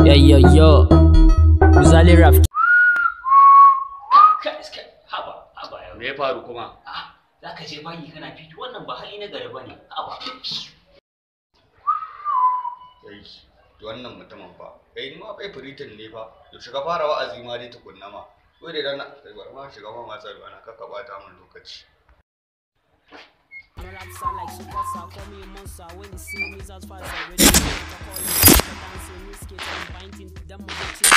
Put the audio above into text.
Yeah, Yo, yo, yo. Guzali Raf. Haba, haba yau. Me ya faru kuma? Ah, za ka je bani kana fito wannan ba hali na gari ba ne. Haba. Kai, wannan mutumin fa. Kai ni ma bai furitin ne fa. to shiga fara wa'azi ma dai tukunna ma. Ko dai dan sai bar ma shiga ma matsa ruwa ka ka bata min lokaci. Now I'm like super star, call me a monster. When you see me, that's why I'm ready to call you. da música.